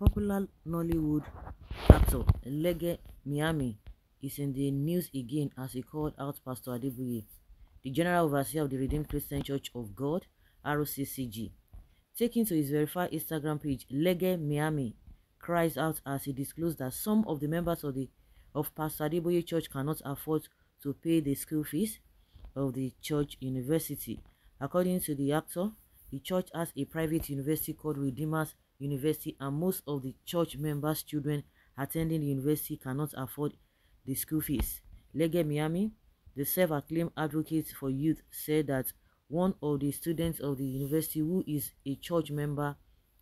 popular Nollywood actor Lege Miami is in the news again as he called out Pastor Adeboye, the general overseer of the Redeemed Christian Church of God, ROCCG. Taking to his verified Instagram page, Lege Miami cries out as he disclosed that some of the members of the of Pastor Adeboye Church cannot afford to pay the school fees of the church university. According to the actor, the church has a private university called Redeemers University and most of the church members' children attending the university cannot afford the school fees. Lege Miami, the self-acclaimed advocate for youth, said that one of the students of the university who is a church member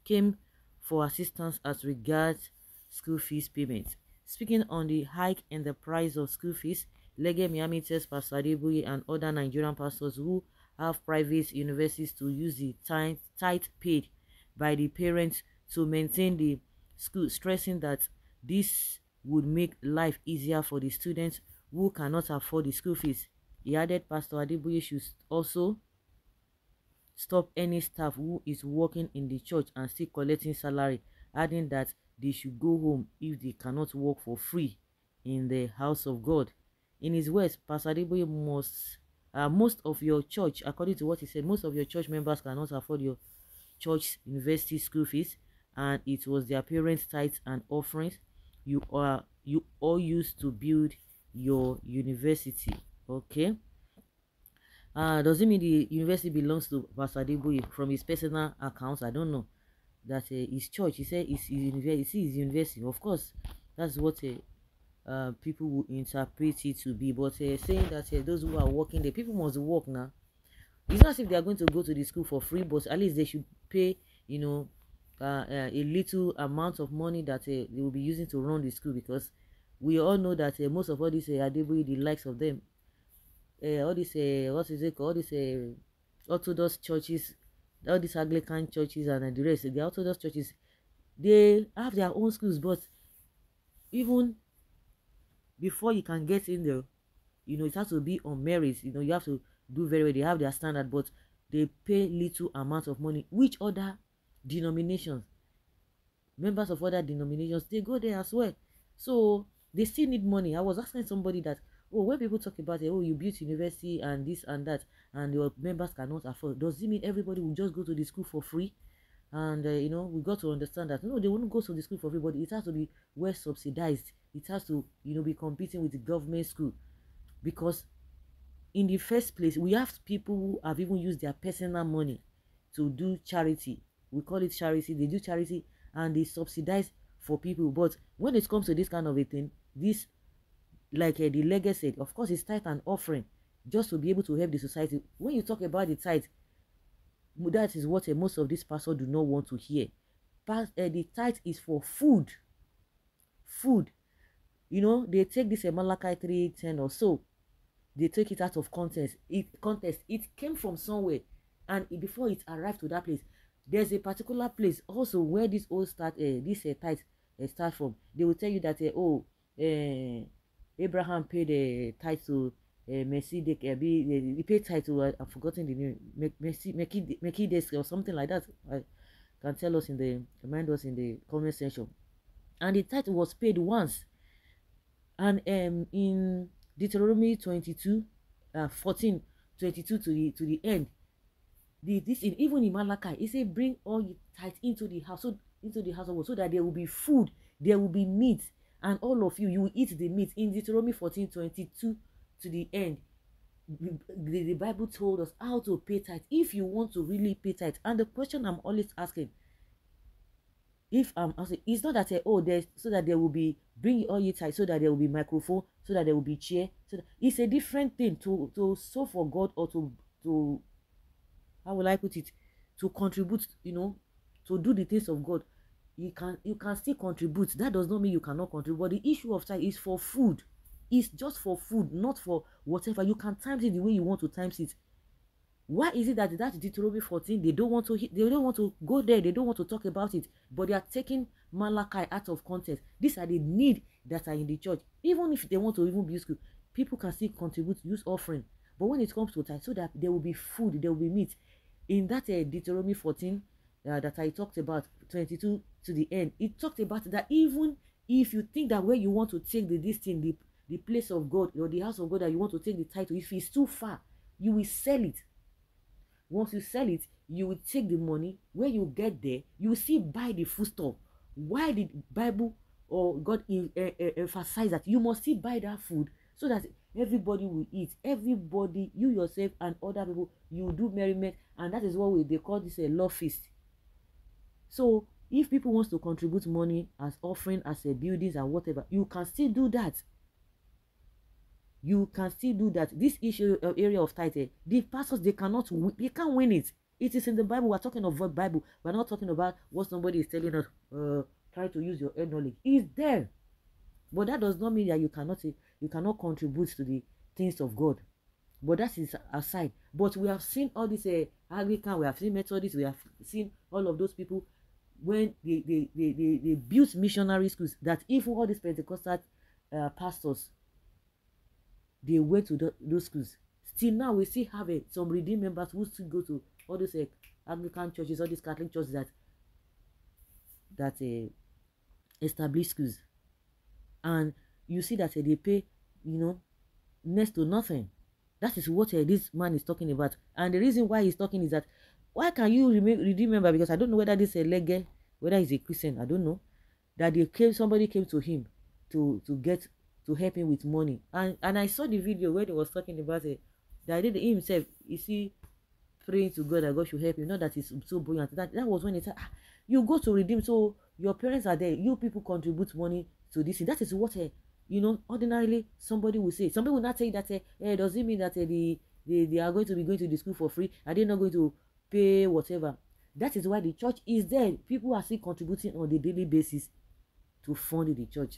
came for assistance as regards school fees payment. Speaking on the hike in the price of school fees, Lege Miami says Pastor Adebuye and other Nigerian pastors who have private universities to use the tight, tight paid by the parents to maintain the school, stressing that this would make life easier for the students who cannot afford the school fees. He added Pastor Adibuye should also stop any staff who is working in the church and still collecting salary, adding that they should go home if they cannot work for free in the house of God. In his words, Pastor Adibuye must, uh, most of your church, according to what he said, most of your church members cannot afford your church university school fees, and it was their parents' tithes and offerings. You are you all used to build your university. Okay. Uh, does it mean the university belongs to Pastor from his personal accounts? I don't know. That uh, his church, he said, it's his university. His university, of course, that's what uh, uh, people will interpret it to be. But uh, saying that uh, those who are working the people must work now it's not as if they are going to go to the school for free but at least they should pay you know uh, uh, a little amount of money that uh, they will be using to run the school because we all know that uh, most of all these uh, Adeboye the likes of them uh, all these uh, what is it called all these uh, Orthodox churches all these Anglican churches and uh, the rest the Orthodox churches they have their own schools but even before you can get in there you know it has to be on merit you know you have to do very well they have their standard but they pay little amount of money which other denominations members of other denominations they go there as well so they still need money i was asking somebody that oh when people talk about it, oh you built university and this and that and your members cannot afford does it mean everybody will just go to the school for free and uh, you know we got to understand that no they won't go to the school for free but it has to be well subsidized it has to you know be competing with the government school because in the first place we have people who have even used their personal money to do charity we call it charity they do charity and they subsidize for people but when it comes to this kind of a thing this like uh, the legacy of course it's tight and offering just to be able to help the society when you talk about the tithe that is what uh, most of these pastors do not want to hear Past, uh, eh, the tithe is for food food you know they take this uh, malachi 3 10 or so they take it out of context it context it came from somewhere and it, before it arrived to that place there's a particular place also where this all start uh, this uh, tithe uh, start from they will tell you that uh, oh uh, abraham paid a uh, tithe to uh, Melchizedek, uh, be, uh, he paid tithe to uh, I've forgotten the name Mercy Melchizedek or something like that I can tell us in the remind us in the comment section and the tithe was paid once and um, in Deuteronomy 22, uh, 14, 22 to the, to the end. The, this in, even in Malachi, he said, bring all your tithe into the house, so, into the house of God, so that there will be food, there will be meat, and all of you, you will eat the meat. In Deuteronomy 14, 22 to the end, the, the Bible told us how to pay tithe if you want to really pay tithe. And the question I'm always asking if I'm um, also, it's not that uh, oh there's so that there will be bring all your tight so that there will be microphone so that there will be chair so that, it's a different thing to to so for God or to to how will I put it to contribute you know to do the things of God you can you can still contribute that does not mean you cannot contribute but the issue of time is for food it's just for food not for whatever you can times it the way you want to times it why is it that that Deuteronomy 14 they don't want to they don't want to go there they don't want to talk about it but they are taking Malachi out of context these are the need that are in the church even if they want to even build school people can still contribute use offering but when it comes to time so that there will be food there will be meat in that uh, Deuteronomy 14 uh, that I talked about 22 to the end it talked about that even if you think that where you want to take the this thing the, the place of God or the house of God that you want to take the title if it's too far you will sell it once you sell it you will take the money when you get there you will still buy the food stuff why did bible or god em em emphasize that you must still buy that food so that everybody will eat everybody you yourself and other people you do merriment and that is what we dey call this a love feast so if people wants to contribute money as offering as a buildings and whatever you can still do that you can still do that this issue uh, area of title the pastors they cannot win, they can't win it it is in the bible We are talking of about bible We are not talking about what somebody is telling us uh, try to use your head knowledge Is there but that does not mean that you cannot uh, you cannot contribute to the things of god but that is aside but we have seen all this uh, anglican we have seen methodists we have seen all of those people when they they they they, they built missionary schools that even all these pentecostal uh, pastors they went to the, those schools till now we still have uh, some redeemed members who still go to all those uh, anglican churches all these catholic churches that that uh, eh, establish schools and you see that uh, they pay you know next to nothing that is what uh, this man is talking about and the reason why he's talking is that why can you redeem member because i don't know whether this uh, lege whether he's a christian i don't know that they came somebody came to him to to get to help him with money and and i saw the video where they was talking about it that did himself you see praying to god that god should help him not that he's so buoyant that that was when he said ah you go to redeem so your parents are there you people contribute money to this thing that is what uh, you know ordinarily somebody will say somebody will not tell you that uh, eh, hey, eh, does it mean that uh, the they, they are going to be going to the school for free are they not going to pay whatever that is why the church is there people are still contributing on a daily basis to fund the church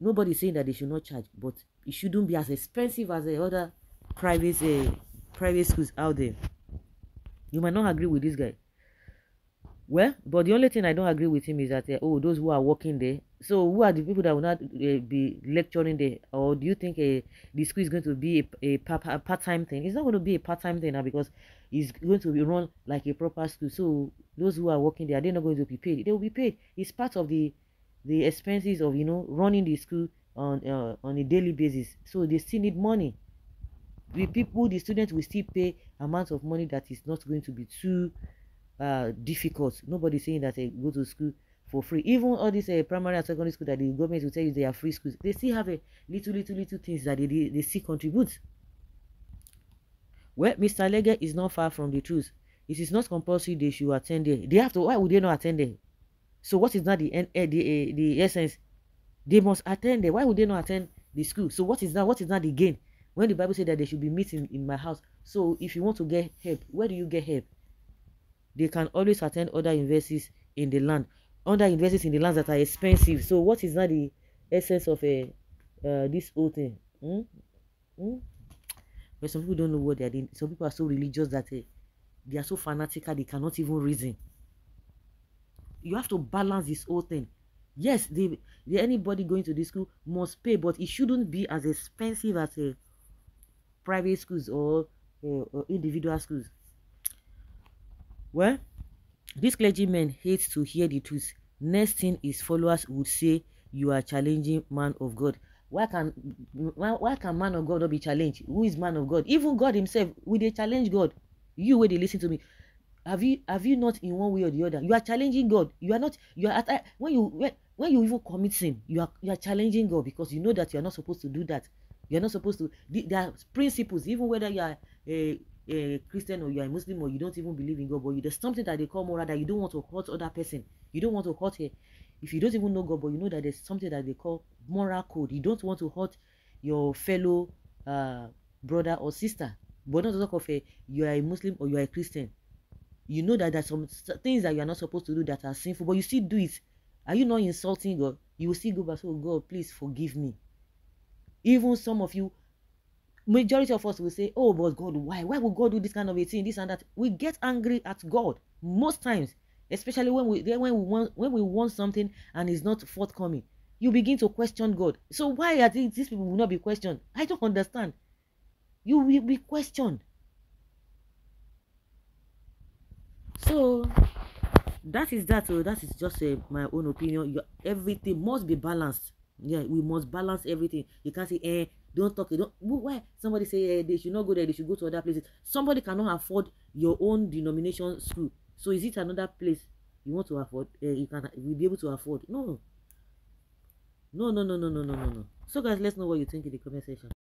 nobody's saying that they should not charge, but it shouldn't be as expensive as the other private uh, private schools out there. You might not agree with this guy. Well, but the only thing I don't agree with him is that uh, oh, those who are working there. So who are the people that will not uh, be lecturing there? Or do you think uh, the school is going to be a, a, a part-time thing? It's not going to be a part-time thing now because it's going to be run like a proper school. So those who are working there, they're not going to be paid. They will be paid. It's part of the the expenses of you know running the school on uh, on a daily basis so they still need money the people the students will still pay amounts of money that is not going to be too uh, difficult nobody saying that they eh, go to school for free even all these uh, primary and secondary school that the government will tell you they are free schools they still have a eh, little little little things that they, they, they still contribute well mr lege is not far from the truth it is not compulsory they should attend there they have to why would they not attend there So what is now the uh, the uh, the essence? They must attend there. Why would they not attend the school? So what is now what is now the gain? When the Bible said that they should be meeting in my house. So if you want to get help, where do you get help? They can always attend other universities in the land, other universities in the lands that are expensive. So what is now the essence of a uh, eh, uh, this whole thing? Hmm? Hmm? But some people don't know what they are doing. Some people are so religious that uh, they are so fanatical they cannot even reason. you have to balance this whole thing yes the, the anybody going to the school must pay but it shouldn't be as expensive as a uh, private schools or, uh, or individual schools well this clergyman hates to hear the truth next thing his followers would say you are challenging man of god why can why, why can man of god not be challenged who is man of god even god himself will they challenge god you where they listen to me have you have you not in one way or the other you are challenging god you are not you are at when you when, when you even commit sin you are you are challenging god because you know that you are not supposed to do that you are not supposed to there are principles even whether you are a, a christian or you are a muslim or you don't even believe in god but you, there's something that they call moral that you don't want to hurt other person you don't want to hurt her if you don't even know god but you know that there's something that they call moral code you don't want to hurt your fellow uh, brother or sister but not to talk of a you are a muslim or you are a christian you know that there's some things that you are not supposed to do that are sinful, but you still do it. Are you not insulting God? You will still go back, so oh, God, please forgive me. Even some of you, majority of us will say, Oh, but God, why? Why would God do this kind of a thing? This and that. We get angry at God most times, especially when we when we want when we want something and it's not forthcoming. You begin to question God. So why are these, these people will not be questioned? I don't understand. You will be questioned so that is that oh that is just uh, my own opinion Your, everything must be balanced yeah we must balance everything you can't say eh don't talk eh, don't why somebody say eh, they should not go there they should go to other places somebody cannot afford your own denomination school so is it another place you want to afford uh, you can you be able to afford no no no no no no no no no so guys let's know what you think in the comment section